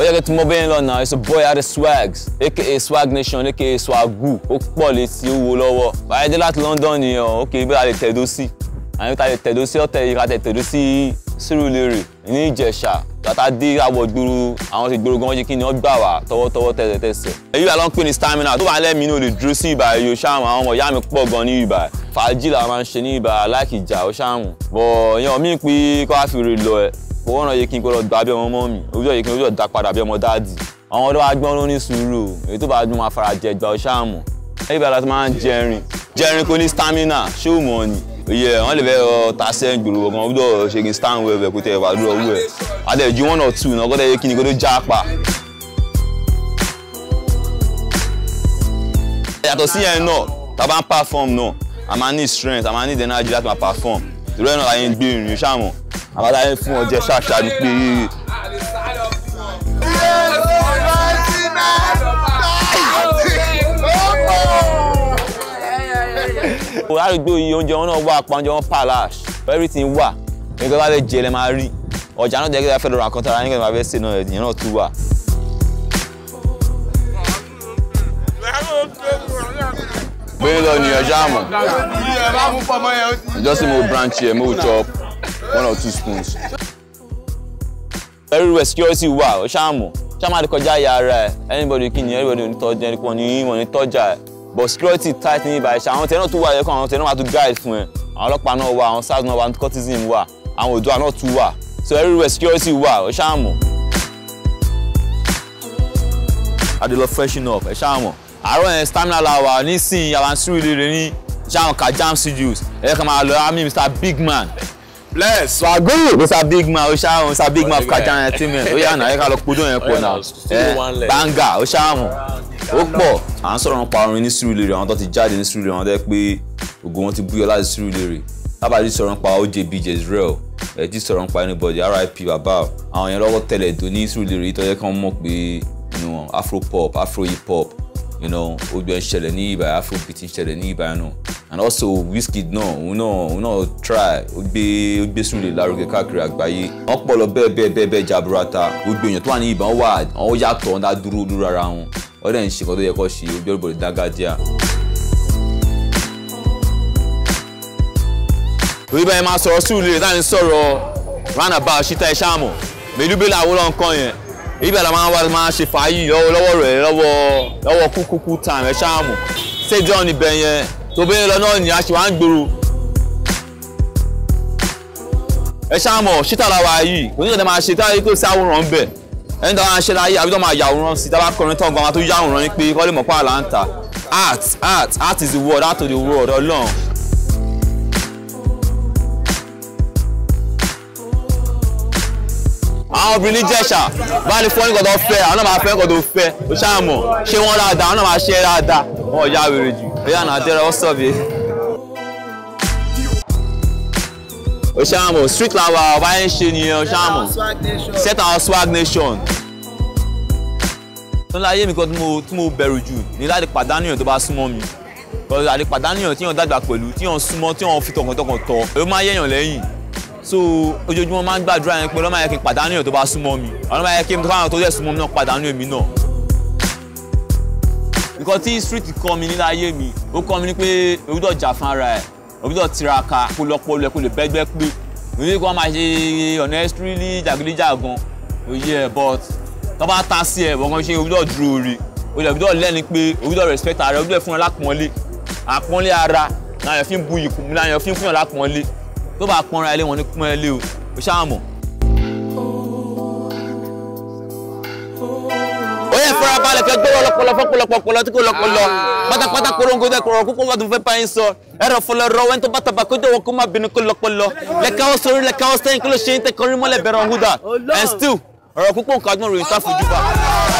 ó yẹ kí tí mo bẹ́ẹ̀ it's a boy out of swags aka swag nation aka swagu ó pọ̀ létí ó wo lọ́wọ́ báyìí dé láti London nìyẹn ó kì í bí a I tẹ̀dó sí àyìn ta lè tẹ̀dó sí ọ̀tẹ̀ yìí ká tẹ̀ tẹ̀dó sí sírùlérè ní Ìjẹ̀ṣà tata dé àwọ̀ gbòòrò àwọn ti gbòòrò gan-an jẹ́ kí ni wọ́n gbà wá tọwọ́tọwọ́ tẹsẹ̀tẹsẹ̀. èyí wà ló ń pè ní stamina tó bá lẹ́mìí ní o lè dúró sí ìbà yìí o ṣáàmù àwọn ọmọ ìyá mi pọ̀ you. ní ìbà fàájì làwọn máa ń ṣe ní ìbà láìkìjà o ṣáàmù bọ̀ ìyẹn ò mí pé kó wá fi rè lọ ẹ̀ fọwọ́ ràn yé kí n gbọ́dọ̀ gbà bí ọmọ mọ́ mi ojú ọ̀yẹ́ kí n ojú ọ̀dá padà bí ọmọ dáàdì àwọn ọ̀dọ́ wa gbọ́n ló ní sùúrù èyí tó bá dún wọn afárá jẹ gba ọṣáàmù ẹgbẹ́ aláta máa ń jẹrin jẹrin kò ní stamina ṣé ò mọ̀ ni òye wọn lè fẹ́ ọ ta sẹ́ gbòòrò kan ojú ọ̀rọ̀ ṣe kí n stand well well kó tẹ̀ wá lúrọ̀ wúrẹ̀ àtẹ̀jú one or two náà kọ́tẹ̀ yé kí ni kó tó já pa. yàtọ̀ sí yẹn náà tá a bá ń perform náà a máa ní strength a máa ní energy láti máa perform ìrọ̀ ẹ̀ náà la yẹn gbé ìrìn ṣáà mọ̀ àwọn aláyẹ fún ọjẹ ṣáṣá ni pé. àdúgbò yìí oúnjẹ wọn náà wà pàǹjọ wọn palace everything wà nígbà bá fẹ́ jẹ lẹ́ máa rí ọjà náà dẹ́gbẹ́ fẹ́ lọ́ra kan tara nígbà bá fẹ́ sè náà ẹ̀dìyàn náà tún wà. bẹ́ẹ̀ lọ ni ọjà àmọ́ ìjọsìn mo branch yẹn mo chop one or two spoons. everywhere security wà ó ṣáàmù ṣáàmù àdìkọjá ya ara ẹ anybody kí ni anybody ní tọ́jà ẹni kan ní ìwọ̀n ní tọ́jà but security tight ní ibà ẹ̀ṣẹ̀ àwọn tẹ̀ náà tó wà lẹ́kọ̀ọ́ àwọn tẹ̀ náà wà tó guide I ẹ àwọn I náà wà àwọn SARS náà wà anti-cultism I àwọn Oòduà náà tún wà so everywhere security wà ó ṣáàmù. adelo freshen up ẹ ṣáàmù àárọ̀ yẹn stamina la wà nísìnyí àwọn sùúrù lè rìn ní ṣáàmù ká jam studios ẹ̀ka máa lọ àmì Mr Big Man bless. swago musa big man oṣaamu musa big man fukata entertainment ó yà náà ẹ ká lọ kojú yẹn pọ̀ náà Banga, banga oṣaamu ó pọ̀ à ń sọ̀rọ̀ nípa orin ní sùúrù lérè àwọn tó ti jáde ní sùúrù lérè àwọn tó yẹ pé ògùn wọn ti búyọ láti sùúrù lérè tábàdí sọ̀rọ̀ nípa ojb jezreel ẹ ti sọ̀rọ̀ nípa anybody rip baba àwọn yẹn lọ́wọ́ tẹ̀lẹ̀ tó ní sùúrù lérè tó yẹ kí wọ́n mọ̀ pé afro pop afro hip hop ojú ẹ̀ ń ṣẹlẹ̀ ní ìbàyà afro beat ń ṣẹlẹ̀ ní ìbàyà náà and also whiskey, náà òun náà òun náà try ó gbé ó gbé Sule lárugẹ káàkiri àgbáyé wọ́n pọ̀ lọ bẹ́ẹ̀ bẹ́ẹ̀ bẹ́ẹ̀ bẹ́ẹ̀ jaburata gbogbo èèyàn tó wà ní ìbọn wà àwọn yàtọ̀ ọ̀dà dúró dúró ara wọn wọ́n dẹ̀ ń ṣe nǹkan tó yẹ kó ṣe ojú ọ̀rọ̀ bọ̀dẹ̀ dágájíà. torí bẹ́ẹ̀ máa sọ̀rọ̀ Sule láti sọ̀rọ̀ roundabout ṣíta ẹ̀ ṣáàmù mèlúbélà àwòrán nǹkan yẹn ibà la máa wá máa ṣe fàáyì lọ́wọ́ rẹ̀ lọ́wọ́ lọ́wọ́ kúkúkú time ẹ̀ ṣáàmù stadium ibẹ̀ yẹn tó bẹ́ẹ̀ lọ náà ni a ṣe wá ń gbèrò. ẹ ṣáàmọ̀ ṣítàlá wa yìí kò ní ìjọba máa ṣe táyé pé sáwòrán ń bẹ̀ ẹni tó máa ṣe láyé àbí tó máa yàwòrán sí tábà kọrin tán gbọ́n máa tó yàwòrán pé kọ́ lè mọ̀ pa àlàǹtà art art art is the word. art of the world ọlọ́run. àwọn obìnrin jẹ̀ṣà báyìí fún ẹnìkan tó fẹ́ àwọn náà máa fẹ́ ẹnìkan tó fẹ́ ó ṣáà mọ̀ ṣé wọ́n dáadáa àwọn náà máa ṣe é dáadáa wọn ò yá wèrè jù. Oya Nadira, what's up, you? Oshamo, street lava, wine sheen, you Oshamo. Set our swag nation. Tọ́lá ayé mi kan tí mo bẹ̀rù jù ní láti pàdánù èèyàn tó bá súnmọ́ mi. Tọ́lá àti pàdánù èèyàn tí èèyàn dàgbà pẹ̀lú tí èèyàn súnmọ́ tí èèyàn fi tọkàntọkàn tọ̀. Èèyàn máa yẹ̀yàn lẹ́yìn. So ojoojúmọ́ máa ń gbàdúrà yẹn pé ọlọ́mọ ayé kí n pàdánù èèyàn tó bá súnmọ́ mi. Ọlọ́mọ ayé kí n káwọn tó dẹ̀ súnmọ́ mi náà pàdánù èmi náà. Because tí street kọ́ mi nílé ayé mi ó kọ́ mi ní pé o gbọ́dọ̀ jà fúnra ẹ̀ o gbọ́dọ̀ tiraka kó lọ pọ̀ lọ kó lè bẹ́gbẹ́ pé o ní kí wọ́n máa ṣe ọ̀nà ẹ́sítírílì jàgídíjàgan òye ẹ̀ but tó bá ta sí ẹ̀ wọ́n ṣe o gbọ́dọ̀ dúró rí o lè gbọ́dọ̀ lẹ́ni pé o gbọ́dọ̀ respect ara o gbọ́dọ̀ fún ẹ lápọ́nlé àpọ́nlé ara láyọ̀ fi ń bu ìkùn láyọ̀ fi ń fún ẹ lápọ́nlé tó bá pọ́nra ẹ lé wọn ní pọ́n ẹ lé o o ṣáà mọ̀ ẹ fẹ́ gbọ́rọ̀ lọ́pọ̀lọ́ fọ́pọ̀lọpọ̀ pọ̀lọ́ tí kò lọ́pọ̀lọ́ ah. pátápátá korongo tẹ kọ̀rọ̀ kókó wà tó fẹ́ báyìí sọ ẹ̀rọ fọlọ́ rọ wẹ́n tó bá tàbá kó jọ̀wọ́ kó má bínú kó lọ́pọ̀lọ́ lẹ́ka ó sọrí lẹ́ka ó sẹ́yìn kó ló ṣe ń tẹ kọrin mọ́lẹ̀ bẹ̀rẹ̀ ọ̀húdà and still ọ̀rọ̀ púpọ̀ nǹkan adúmọ̀ ròyìn tá fojú bá.